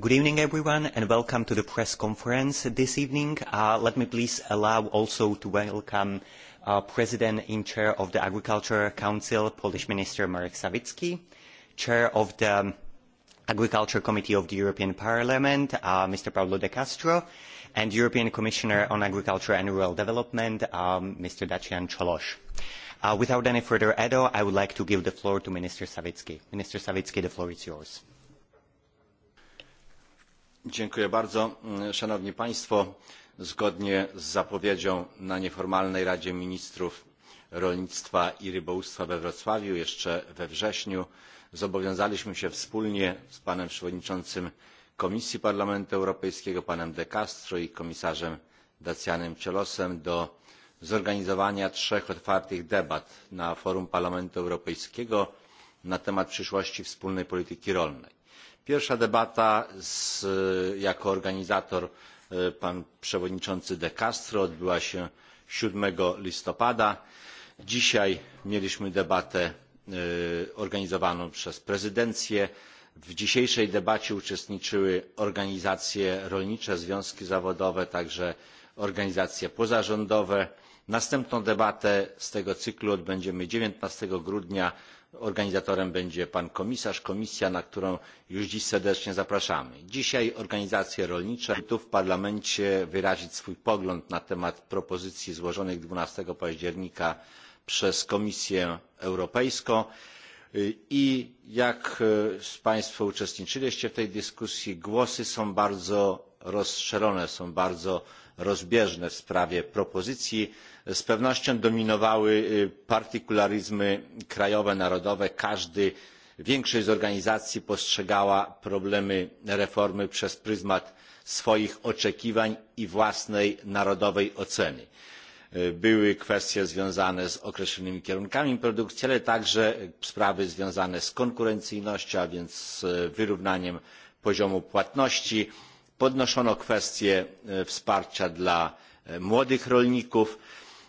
Good evening, everyone, and welcome to the press conference this evening. let me please allow also to welcome President in Chair of the Agriculture Council, Polish Minister Marek Sawicki, Chair of the Agriculture Committee of the European Parliament, Mr. Pablo De Castro, and European Commissioner on Agriculture and Rural Development, Mr. Dacian Cioloș. without any further ado, I would like to give the floor to Minister Savitsky. Minister Savitsky, the floor is yours zgodnie z zapowiedzią na nieformalnej Radzie Ministrów Rolnictwa i Rybołówstwa we Wrocławiu jeszcze we wrześniu zobowiązaliśmy się wspólnie z panem przewodniczącym Komisji Parlamentu Europejskiego, panem De Castro i komisarzem Dacianem Ciolosem do zorganizowania trzech otwartych debat na forum Parlamentu Europejskiego na temat przyszłości wspólnej polityki rolnej Pierwsza debata jako organizator pan przewodniczący De Castro odbyła się 7 listopada. Dzisiaj mieliśmy debatę organizowaną przez prezydencję. W dzisiejszej debacie uczestniczyły organizacje rolnicze, związki zawodowe, także organizacje pozarządowe. Następną debatę z tego cyklu odbędziemy dziewiętnaście grudnia Organizatorem będzie pan komisarz, komisja, na którą już dziś serdecznie zapraszamy. Dzisiaj organizacje rolnicze tu w parlamencie wyrazić swój pogląd na temat propozycji złożonych dwanaście października przez Komisję Europejską i jak państwo uczestniczyliście w tej dyskusji, głosy są bardzo rozszerzone, są bardzo rozbieżne w sprawie propozycji z pewnością dominowały partykularyzmy krajowe narodowe każdy większość z organizacji postrzegała problemy reformy przez pryzmat swoich oczekiwań i własnej narodowej oceny. Były kwestie związane z określonymi kierunkami produkcji, ale także sprawy związane z konkurencyjnością, a więc z wyrównaniem poziomu płatności, podnoszono kwestię wsparcia dla młodych rolników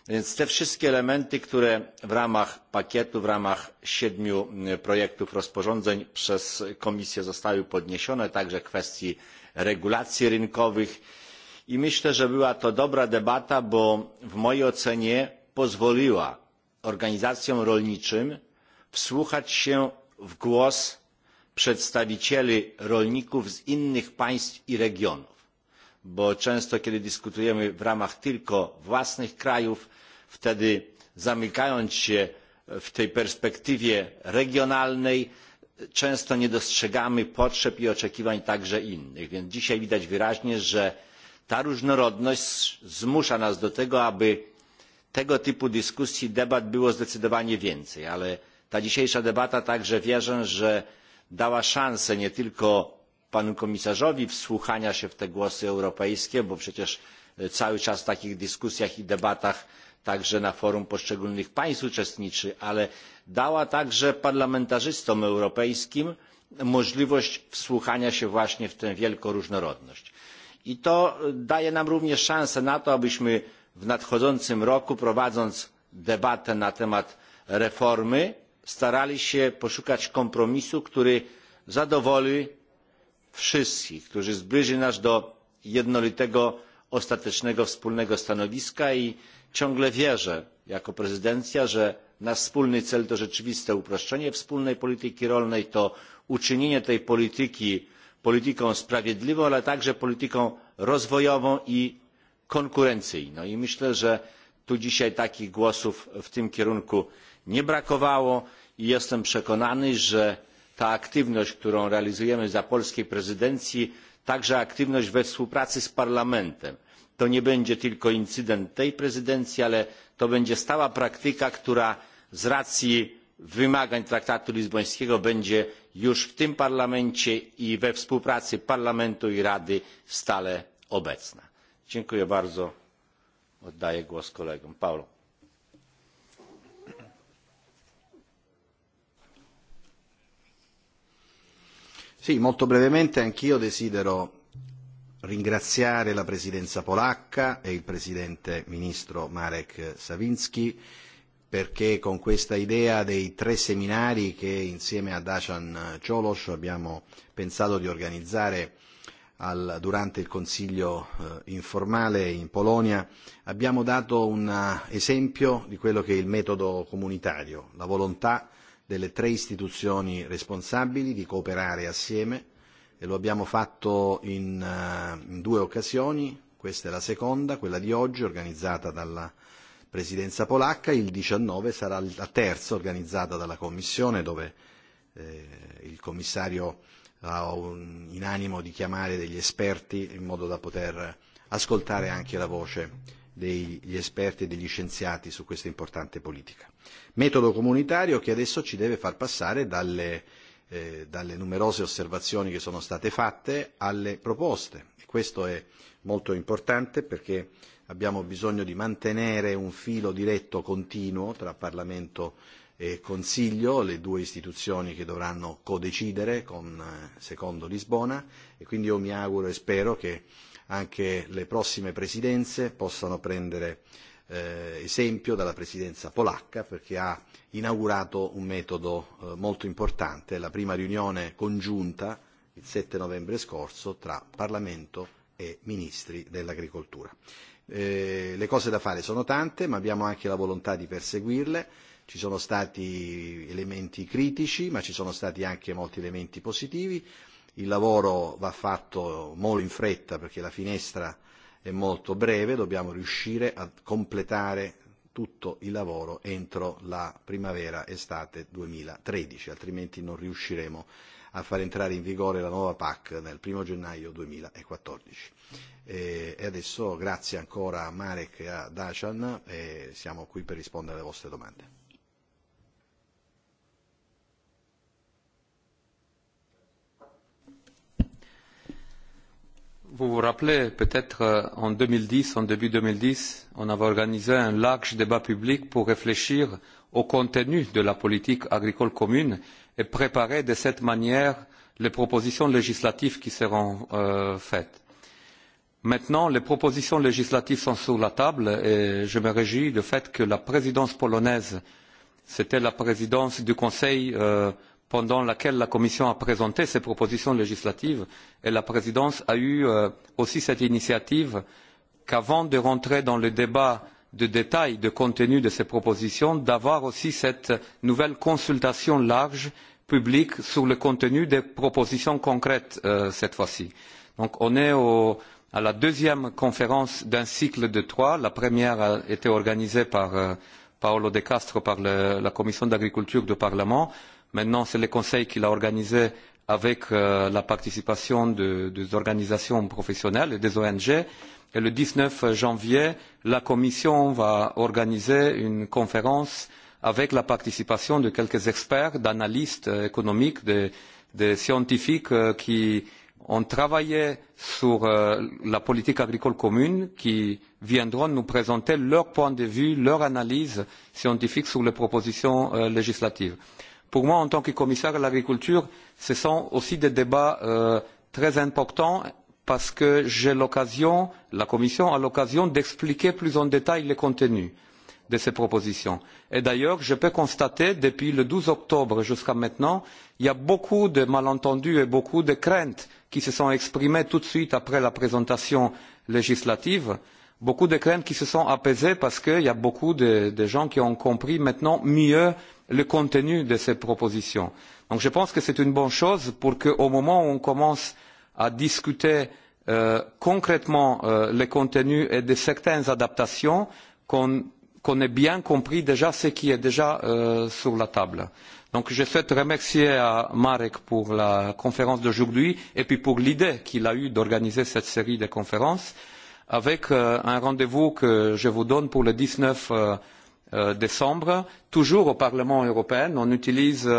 więc te wszystkie elementy które w ramach pakietu w ramach siedmiu projektów rozporządzeń przez komisję zostały podniesione także kwestii regulacji rynkowych i myślę że była to dobra debata bo w mojej ocenie pozwoliła organizacjom rolniczym wsłuchać się w głos przedstawicieli rolników z innych państw i regionów bo często kiedy dyskutujemy w ramach tylko własnych krajów wtedy zamykając się w tej perspektywie regionalnej często nie dostrzegamy potrzeb i oczekiwań także innych więc dzisiaj widać wyraźnie że ta różnorodność zmusza nas do tego aby tego typu dyskusji debat było zdecydowanie więcej ale ta dzisiejsza debata także wierzę że dała szansę nie tylko panu komisarzowi wsłuchania się w te głosy europejskie, bo przecież cały czas w takich dyskusjach i debatach także na forum poszczególnych państw uczestniczy, ale dała także parlamentarzystom europejskim możliwość wsłuchania się właśnie w tę wielką różnorodność. I to daje nam również szansę na to, abyśmy w nadchodzącym roku, prowadząc debatę na temat reformy, starali się poszukać kompromisu, który zadowoli wszystkich, który zbliży nas do jednolitego, ostatecznego, wspólnego stanowiska i ciągle wierzę jako prezydencja, że nasz wspólny cel to rzeczywiste uproszczenie wspólnej polityki rolnej, to uczynienie tej polityki polityką sprawiedliwą, ale także polityką rozwojową i konkurencyjną. I myślę, że Tu dzisiaj takich głosów w tym kierunku nie brakowało i jestem przekonany, że ta aktywność, którą realizujemy za polskiej prezydencji, także aktywność we współpracy z Parlamentem, to nie będzie tylko incydent tej prezydencji, ale to będzie stała praktyka, która z racji wymagań traktatu lizbońskiego będzie już w tym parlamencie i we współpracy parlamentu i rady stale obecna. Dziękuję bardzo oddaję głos kolegom. paolo Sì, molto brevemente anch'io desidero ringraziare la presidenza polacca e il presidente ministro Marek Savinski perché con questa idea dei tre seminari che insieme a Dacian Ciolos abbiamo pensato di organizzare durante il Consiglio informale in Polonia, abbiamo dato un esempio di quello che è il metodo comunitario, la volontà delle tre istituzioni responsabili di cooperare assieme e lo abbiamo fatto in, due occasioni, questa è la seconda, quella di oggi organizzata dalla Presidenza polacca, il diciannove sarà la terza organizzata dalla Commissione dove il commissario in animo di chiamare degli esperti in modo da poter ascoltare anche la voce degli esperti e degli scienziati su questa importante politica. Metodo comunitario che adesso ci deve far passare dalle, numerose osservazioni che sono state fatte alle proposte. E questo è molto importante perché abbiamo bisogno di mantenere un filo diretto continuo tra Parlamento e e Consiglio, le due istituzioni che dovranno codecidere con, secondo Lisbona e quindi io mi auguro e spero che anche le prossime presidenze possano prendere esempio dalla presidenza polacca perché ha inaugurato un metodo molto importante, la prima riunione congiunta il sette novembre scorso tra Parlamento e Ministri dell'Agricoltura. le cose da fare sono tante ma abbiamo anche la volontà di perseguirle Ci sono stati elementi critici, ma ci sono stati anche molti elementi positivi. Il lavoro va fatto molto in fretta perché la finestra è molto breve, dobbiamo riuscire a completare tutto il lavoro entro la primavera-estate 2013, altrimenti non riusciremo a far entrare in vigore la nuova PAC nel 1 gennaio 2014. E adesso grazie ancora a Marek e a Dacian e siamo qui per rispondere alle vostre domande. Vous vous rappelez peut-être en deux mille dix, en début deux mille dix, on avait organisé un large débat public pour réfléchir au contenu de la politique agricole commune et préparer de cette manière les propositions législatives qui seront faites. Maintenant, les propositions législatives sont sur la table et je me réjouis du fait que la présidence polonaise, c'était la présidence du Conseil pendant laquelle la Commission a présenté ses propositions législatives et la présidence a eu aussi cette initiative qu'avant de rentrer dans le débat de détail du contenu de ces propositions, d'avoir aussi cette nouvelle consultation large publique sur le contenu des propositions concrètes cette fois-ci. Donc on est à la deuxième conférence d'un cycle de trois. La première a été organisée par Paolo De Castro, par la Commission de l'agriculture du Parlement. Maintenant, c'est le Conseil qui l'a organisé avec la participation des organisations professionnelles et des ONG. Et le dix neuf janvier, la Commission va organiser une conférence avec la participation de quelques experts, d'analystes économiques, de, scientifiques qui ont travaillé sur la politique agricole commune, qui viendront nous présenter leur point de vue, leur analyse scientifique sur les propositions législatives Pour moi, en tant que commissaire à l'agriculture, ce sont aussi des débats très importants parce que j'ai l'occasion, la Commission a l'occasion d'expliquer plus en détail le contenu de ces propositions. Et d'ailleurs, je peux constater, depuis le douze octobre jusqu'à maintenant, il y a beaucoup de malentendus et beaucoup de craintes qui se sont exprimées tout de suite après la présentation législative, beaucoup de craintes qui se sont apaisées parce qu'il y a beaucoup de, gens qui ont compris maintenant mieux le contenu de ces propositions. Donc je pense que c'est une bonne chose pour qu'au moment où on commence à discuter concrètement le contenu et de certaines adaptations, qu'on ait bien compris déjà ce qui est déjà sur la table. Donc je souhaite remercier Marek pour la conférence d'aujourd'hui et puis pour l'idée qu'il a eue d'organiser cette série de conférences avec un rendez-vous que je vous donne pour le dix neuf décembre, toujours au Parlement européen, on utilise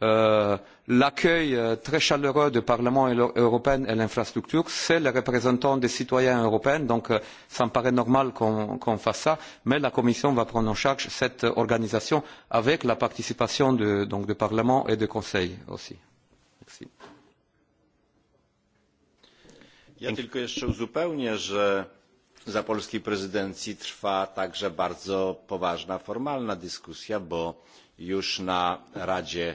l'accueil très chaleureux du Parlement européen et l'infrastructure, c'est le représentant des citoyens européens, donc cela me paraît normal qu'on fasse cela, mais la Commission va prendre en charge cette organisation avec la participation du, Parlement et du Conseil aussi. Ja tylko jeszcze uzupełnię, że za polskiej prezydencji trwa także bardzo poważna formalna dyskusja bo już na radzie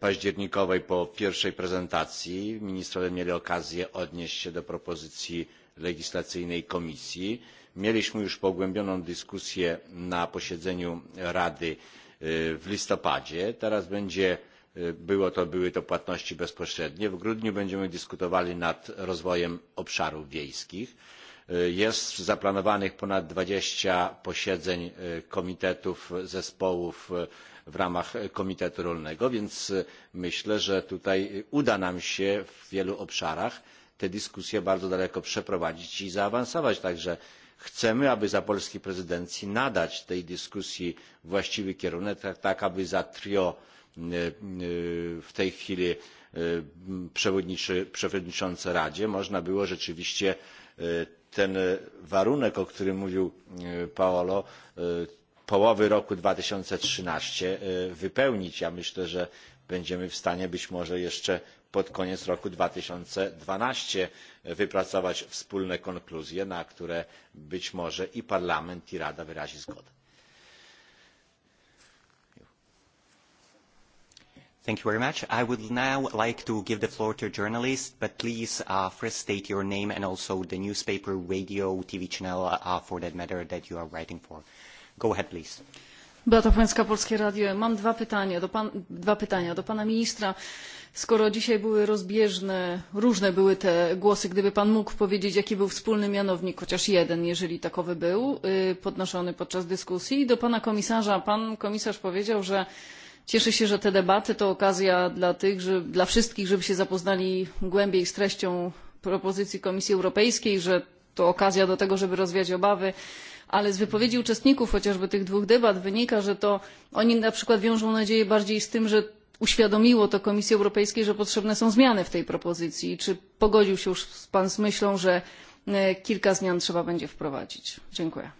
październikowej po pierwszej prezentacji ministrowie mieli okazję odnieść się do propozycji legislacyjnej komisji mieliśmy już pogłębioną dyskusję na posiedzeniu rady w listopadzie teraz będzie były to płatności bezpośrednie w grudniu będziemy dyskutowali nad rozwojem obszarów wiejskich Jest zaplanowanych ponad dwadzieścia posiedzeń komitetów, zespołów w ramach Komitetu Rolnego, więc myślę, że tutaj uda nam się w wielu obszarach te dyskusje bardzo daleko przeprowadzić i zaawansować. Także chcemy, aby za polskiej prezydencji nadać tej dyskusji właściwy kierunek, tak aby za trio w tej chwili przewodniczące Radzie można było rzeczywiście ten warunek o którym mówił paolo połowy roku dwa tysiące trzynaście wypełnić. ja myślę że będziemy w stanie być może jeszcze pod koniec roku dwa tysiące dwanaście wypracować wspólne konkluzje na które być może i parlament i rada wyrazi zgodę. Thank you very much. I would now like to give the floor to a journalist, but please uh, first state your name and also the newspaper, radio, TV channel uh, for that matter that you are writing for. Go ahead, please. Beata Płęcka, Polskie Radio. Mam dwa pytania, do pan, dwa pytania do pana ministra. Skoro dzisiaj były rozbieżne, różne były te głosy, gdyby pan mógł powiedzieć, jaki był wspólny mianownik, chociaż jeden, jeżeli takowy był, podnoszony podczas dyskusji. do pana komisarza. Pan komisarz powiedział, że Cieszę się, że te debaty to okazja dla tych, że, dla wszystkich, żeby się zapoznali głębiej z treścią propozycji Komisji Europejskiej, że to okazja do tego, żeby rozwiać obawy, ale z wypowiedzi uczestników chociażby tych dwóch debat wynika, że to oni na przykład wiążą nadzieję bardziej z tym, że uświadomiło to Komisji Europejskiej, że potrzebne są zmiany w tej propozycji. Czy pogodził się już Pan z myślą, że kilka zmian trzeba będzie wprowadzić? Dziękuję.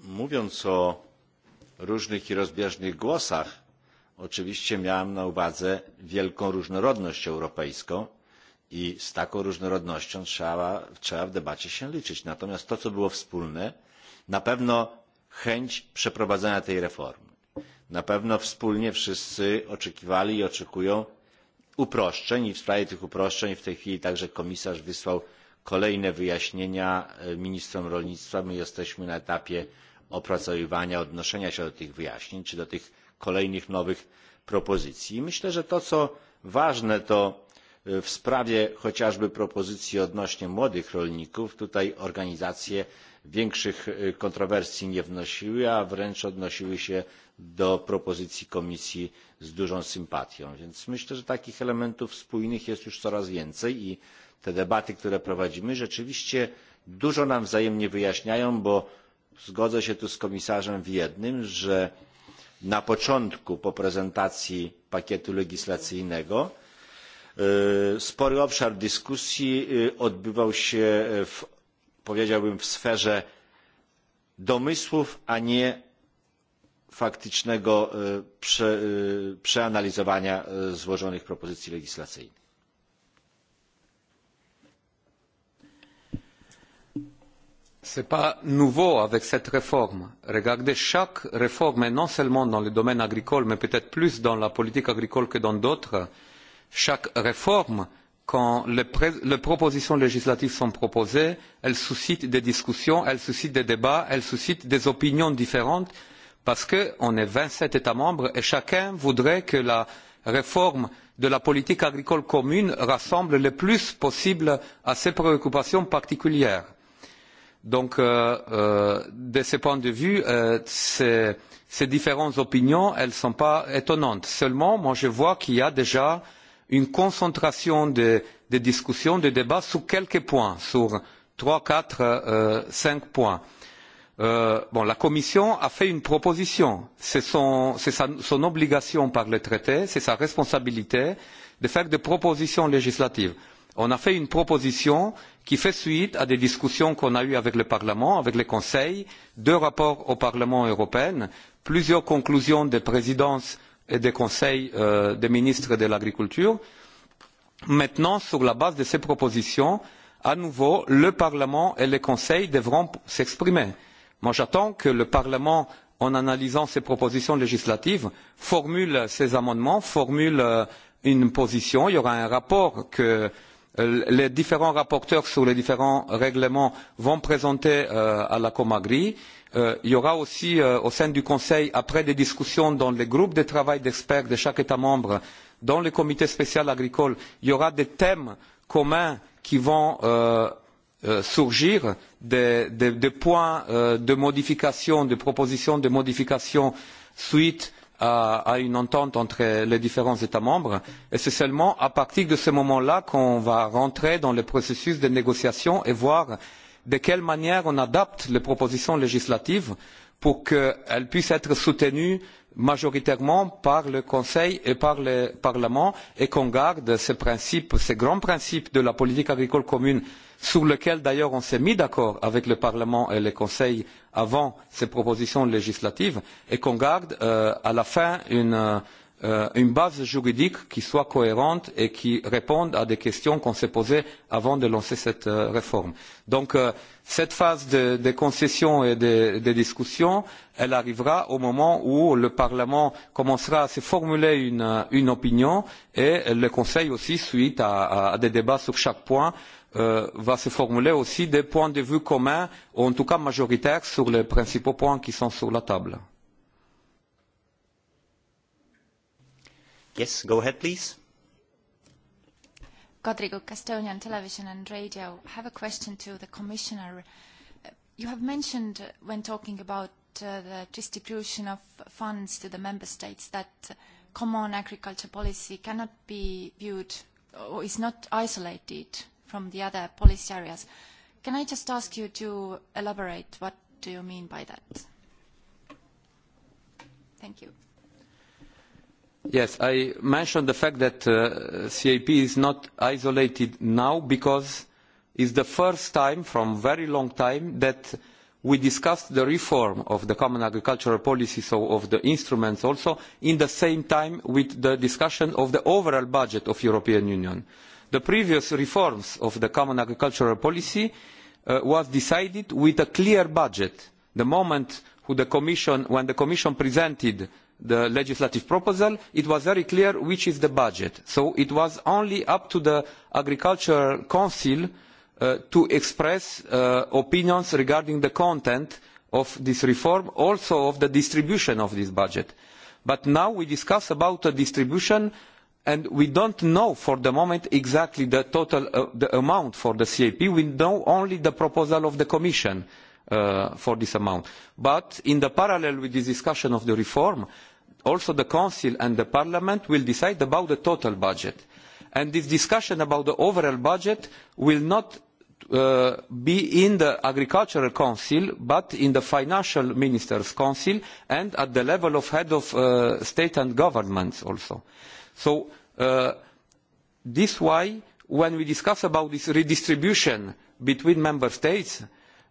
Mówiąc o różnych i rozbieżnych głosach oczywiście miałem na uwadze wielką różnorodność europejską i z taką różnorodnością trzeba, w debacie się liczyć. Natomiast to, co było wspólne, na pewno chęć przeprowadzenia tej reformy. Na pewno wspólnie wszyscy oczekiwali i oczekują uproszczeń i w sprawie tych uproszczeń w tej chwili także komisarz wysłał kolejne wyjaśnienia ministrom rolnictwa. My jesteśmy na etapie opracowywania, odnoszenia się do tych wyjaśnień czy do tych kolejnych nowych propozycji. Myślę, że to co ważne to w sprawie chociażby propozycji odnośnie młodych rolników tutaj organizacje większych kontrowersji nie wnosiły, a wręcz odnosiły się do propozycji komisji z dużą sympatią. Więc myślę, że takich elementów spójnych jest już coraz więcej i te debaty, które prowadzimy, rzeczywiście dużo nam wzajemnie wyjaśniają, bo zgodzę się tu z komisarzem w jednym, że na początku po prezentacji pakietu legislacyjnego spory obszar dyskusji odbywał się powiedziałbym w sferze domysłów, a nie faktycznego przeanalizowania złożonych propozycji legislacyjnych. ce n'est pas nouveau avec cette réforme. Regardez, chaque réforme, et non seulement dans le domaine agricole, mais peut-être plus dans la politique agricole que dans d'autres, chaque réforme, quand les, propositions législatives sont proposées, elles suscitent des discussions, elles suscitent des débats, elles suscitent des opinions différentes, parce qu'on est vingt sept États membres et chacun voudrait que la réforme de la politique agricole commune rassemble le plus possible à ses préoccupations particulières Donc, de ce point de vue, ces, différentes opinions, elles ne sont pas étonnantes. Seulement, moi, je vois qu'il y a déjà une concentration de, discussions, de débats sur quelques points, sur trois, quatre, cinq points. la Commission a fait une proposition. C'est son, son obligation par le traité, c'est sa responsabilité de faire des propositions législatives on a fait une proposition qui fait suite à des discussions qu'on a eues avec le Parlement, avec le Conseil, deux rapports au Parlement européen, plusieurs conclusions des présidences et des conseils des ministres de l'Agriculture. Maintenant, sur la base de ces propositions, à nouveau, le Parlement et le Conseil devront s'exprimer. Moi, j'attends que le Parlement, en analysant ces propositions législatives, formule ses amendements, formule une position. Il y aura un rapport que les différents rapporteurs sur les différents règlements vont présenter à la Comagri. il y aura aussi au sein du Conseil, après des discussions dans les groupes de travail d'experts de chaque État membre, dans le comité spécial agricole, il y aura des thèmes communs qui vont surgir, des, points de modification, de propositions de modification suite à, une entente entre les différents États membres. Et c'est seulement à partir de ce moment-là qu'on va rentrer dans le processus de négociation et voir de quelle manière on adapte les propositions législatives pour qu'elles puissent être soutenues majoritairement par le Conseil et par le Parlement et qu'on garde ces principes, ces grands principes de la politique agricole commune sur lequel d'ailleurs on s'est mis d'accord avec le Parlement et le Conseil avant ces propositions législatives et qu'on garde à la fin une une base juridique qui soit cohérente et qui réponde à des questions qu'on s'est posées avant de lancer cette réforme. Donc cette phase de, concession et de, discussion, elle arrivera au moment où le Parlement commencera à se formuler une, opinion et le Conseil aussi, suite à des débats sur chaque point, va se formuler aussi des points de vue communs, ou en tout cas majoritaires, sur les principaux points qui sont sur la table. Yes, go ahead, please. Rodrigo Castonian, Television and Radio. I have a question to the Commissioner. You have mentioned when talking about the distribution of funds to the Member States that common agriculture policy cannot be viewed or is not isolated from the other policy areas. Can I just ask you to elaborate what do you mean by that? Thank you. Yes, I mentioned the fact that CAP is not isolated now because it is the first time from a very long time that we discussed the reform of the common agricultural policy, so of the instruments also, in the same time with the discussion of the overall budget of the European Union. The previous reforms of the common agricultural policy were decided with a clear budget. The moment when the Commission presented the legislative proposal, it was very clear which is the budget. So it was only up to the Agricultural Council to express opinions regarding the content of this reform, also of the distribution of this budget. But now we discuss about the distribution and we do not know for the moment exactly the total amount for the CAP. We know only the proposal of the Commission for this amount. But in parallel with the discussion of the reform, also the Council and the Parliament will decide about the total budget. And this discussion about the overall budget will not be in the Agricultural Council, but in the Financial Ministers' Council and at the level of head of state and governments also. So this is why when we discuss about this redistribution between member states,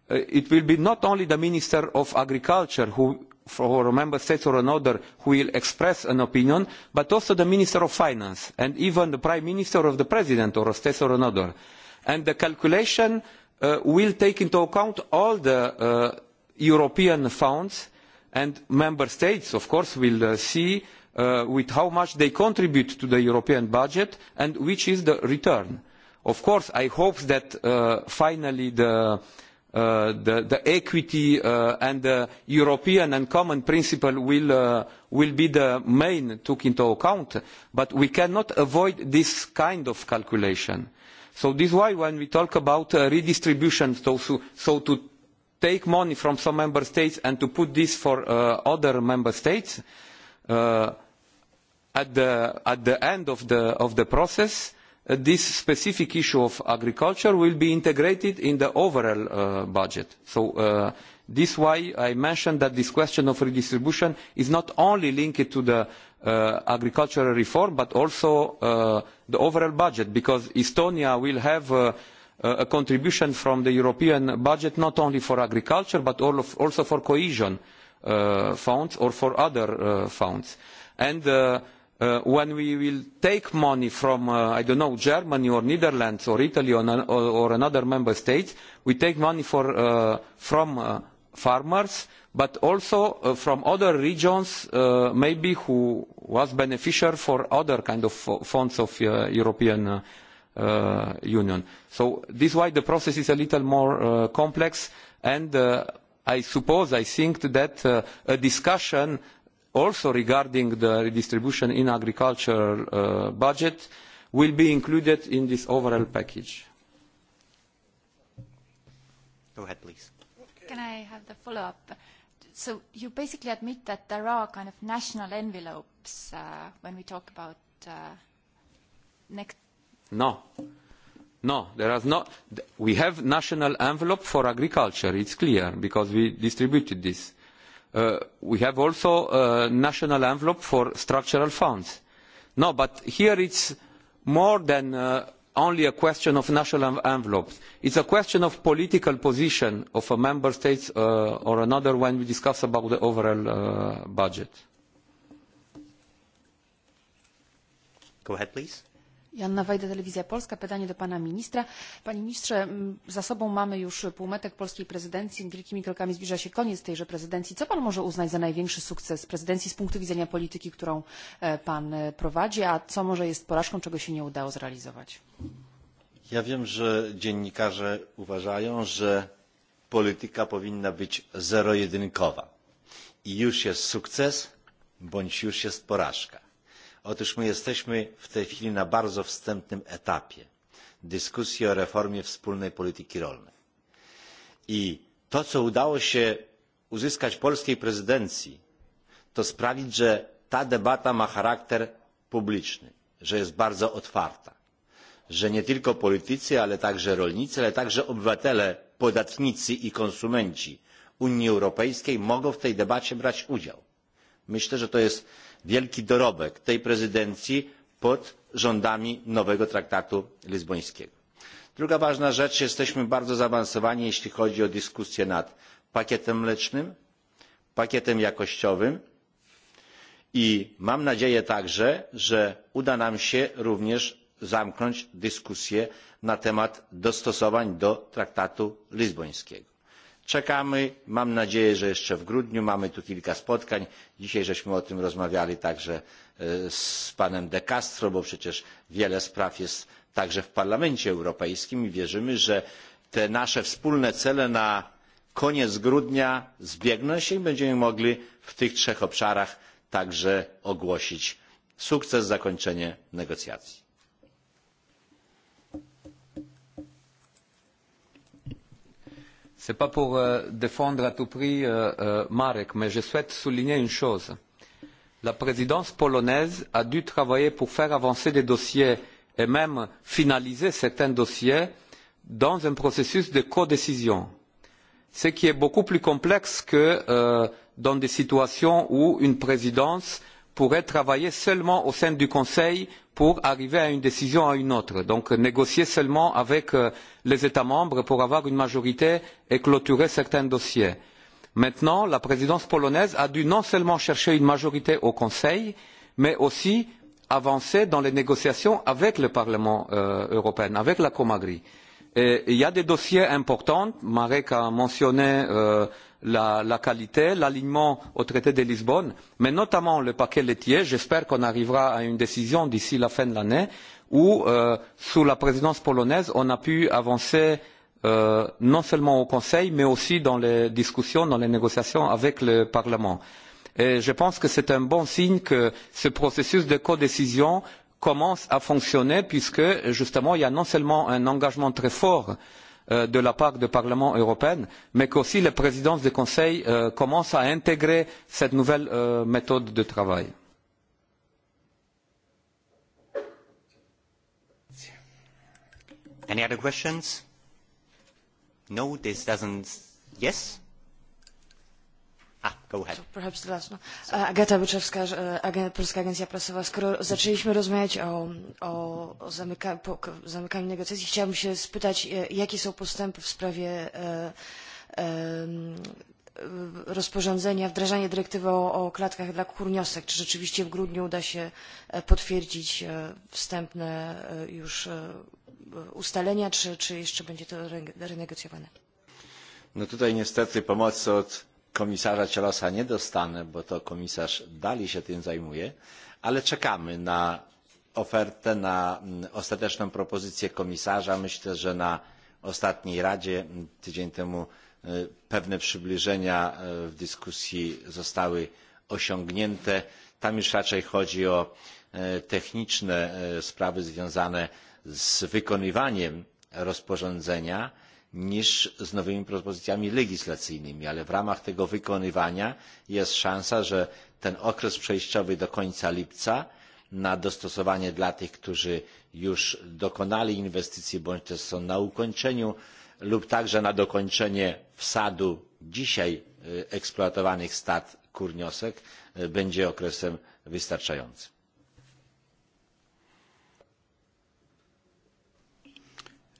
it will be not only the Minister of Agriculture who for a member state or another who will express an opinion, but also the Minister of Finance and even the Prime Minister of the President or a state or another. And the calculation will take into account all the European funds and member states, of course, will see with how much they contribute to the European budget and which is the return. Of course, I hope that finally the the the equity and the European and common principle will be the main took into account, but we cannot avoid this kind of calculation. So This is why when we talk about redistribution, so to take money from some member states and to put this for other member states, at the end of the process, this specific issue of agriculture will be integrated in the overall budget. So this is why I mentioned that this question of redistribution is not only linked to the agricultural reform, but also the overall budget, because Estonia will have a contribution from the European budget not only for agriculture, but also for cohesion funds or for other funds. And when we will take money from, I don't know, Germany or Netherlands or Italy or, another member state, we take money from farmers, but also from other regions, maybe who was beneficial for other kinds of funds of the European Union. So this is why the process is a little more complex, and I suppose, I think that a discussion also regarding the redistribution in agricultural budget will be included in this overall package. Go ahead, please. Can I have the follow-up? So you basically admit that there are kind of national envelopes when we talk about next. No, no, there are not. We have national envelope for agriculture. It's clear because we distributed this we have also a national envelope for structural funds. No, but here it's more than only a question of national envelopes. It's a question of political position of a member state or another when we discuss about the overall budget. Go ahead, please. Janna Wajda, Telewizja Polska. Pytanie do pana ministra. Panie ministrze, za sobą mamy już półmetek polskiej prezydencji. Wielkimi krokami zbliża się koniec tejże prezydencji. Co pan może uznać za największy sukces prezydencji z punktu widzenia polityki, którą pan prowadzi, a co może jest porażką, czego się nie udało zrealizować? Ja wiem, że dziennikarze uważają, że polityka powinna być zero-jedynkowa. I już jest sukces, bądź już jest porażka Otóż my jesteśmy w tej chwili na bardzo wstępnym etapie dyskusji o reformie wspólnej polityki rolnej. I to, co udało się uzyskać polskiej prezydencji, to sprawić, że ta debata ma charakter publiczny, że jest bardzo otwarta, że nie tylko politycy, ale także rolnicy, ale także obywatele, podatnicy i konsumenci Unii Europejskiej mogą w tej debacie brać udział myślę że to jest wielki dorobek tej prezydencji pod rządami nowego traktatu lizbońskiego. druga ważna rzecz jesteśmy bardzo zaawansowani jeśli chodzi o dyskusję nad pakietem mlecznym pakietem jakościowym i mam nadzieję także że uda nam się również zamknąć dyskusję na temat dostosowań do traktatu lizbońskiego. Czekamy. Mam nadzieję, że jeszcze w grudniu mamy tu kilka spotkań. Dzisiaj żeśmy o tym rozmawiali także z panem De Castro, bo przecież wiele spraw jest także w Parlamencie Europejskim i wierzymy, że te nasze wspólne cele na koniec grudnia zbiegną się i będziemy mogli w tych trzech obszarach także ogłosić sukces, zakończenie negocjacji. Ce n'est pas pour défendre à tout prix Marek, mais je souhaite souligner une chose. La présidence polonaise a dû travailler pour faire avancer des dossiers et même finaliser certains dossiers dans un processus de codécision, ce qui est beaucoup plus complexe que dans des situations où une présidence pourrait travailler seulement au sein du Conseil pour arriver à une décision à une autre. Donc négocier seulement avec les États membres pour avoir une majorité et clôturer certains dossiers. Maintenant, la présidence polonaise a dû non seulement chercher une majorité au Conseil, mais aussi avancer dans les négociations avec le Parlement européen, avec la Comagri. il y a des dossiers importants. Marek a mentionné la, qualité, l'alignement au traité de Lisbonne, mais notamment le paquet laitier. J'espère qu'on arrivera à une décision d'ici la fin de l'année où, sous la présidence polonaise, on a pu avancer non seulement au Conseil, mais aussi dans les discussions, dans les négociations avec le Parlement. Et je pense que c'est un bon signe que ce processus de codécision commence à fonctionner puisque justement il y a non seulement un engagement très fort euh, de la part du Parlement européen, mais qu'aussi les présidences du Conseil commencent à intégrer cette nouvelle méthode de travail. Any other questions? No, this doesn't. Yes? Go ahead. Perhaps the last one. Agata Byczewska, Polska Agencja Prasowa. Skoro zaczęliśmy rozmawiać o, o, o zamyka, po, zamykaniu negocjacji, chciałabym się spytać, jakie są postępy w sprawie rozporządzenia, wdrażania dyrektywy o, o klatkach dla kurniosek. Czy rzeczywiście w grudniu uda się potwierdzić wstępne już ustalenia, czy, czy jeszcze będzie to renegocjowane? No tutaj niestety pomocy od komisarza Ciolosa nie dostanę, bo to komisarz Dali się tym zajmuje, ale czekamy na ofertę, na ostateczną propozycję komisarza. Myślę, że na ostatniej Radzie tydzień temu pewne przybliżenia w dyskusji zostały osiągnięte. Tam już raczej chodzi o techniczne sprawy związane z wykonywaniem rozporządzenia niż z nowymi propozycjami legislacyjnymi, ale w ramach tego wykonywania jest szansa, że ten okres przejściowy do końca lipca na dostosowanie dla tych, którzy już dokonali inwestycji bądź też są na ukończeniu lub także na dokończenie wsadu dzisiaj eksploatowanych stad kurniosek będzie okresem wystarczającym.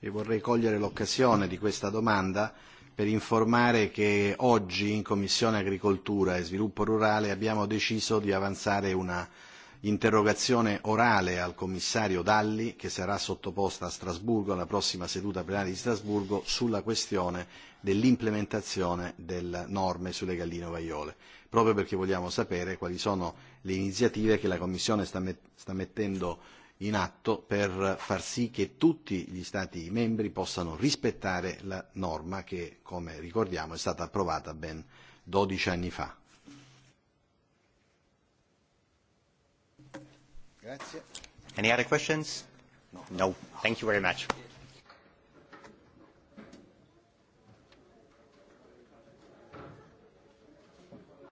e vorrei cogliere l'occasione di questa domanda per informare che oggi in Commissione Agricoltura e Sviluppo Rurale abbiamo deciso di avanzare una interrogazione orale al commissario Dalli che sarà sottoposta a Strasburgo alla prossima seduta plenaria di Strasburgo sulla questione dell'implementazione delle norme sulle galline ovaiole, proprio perché vogliamo sapere quali sono le iniziative che la Commissione sta mettendo in atto per far sì che tutti gli Stati membri possano rispettare la norma che, come ricordiamo, è stata approvata ben dodici anni fa. Any other questions? No. Thank you very much.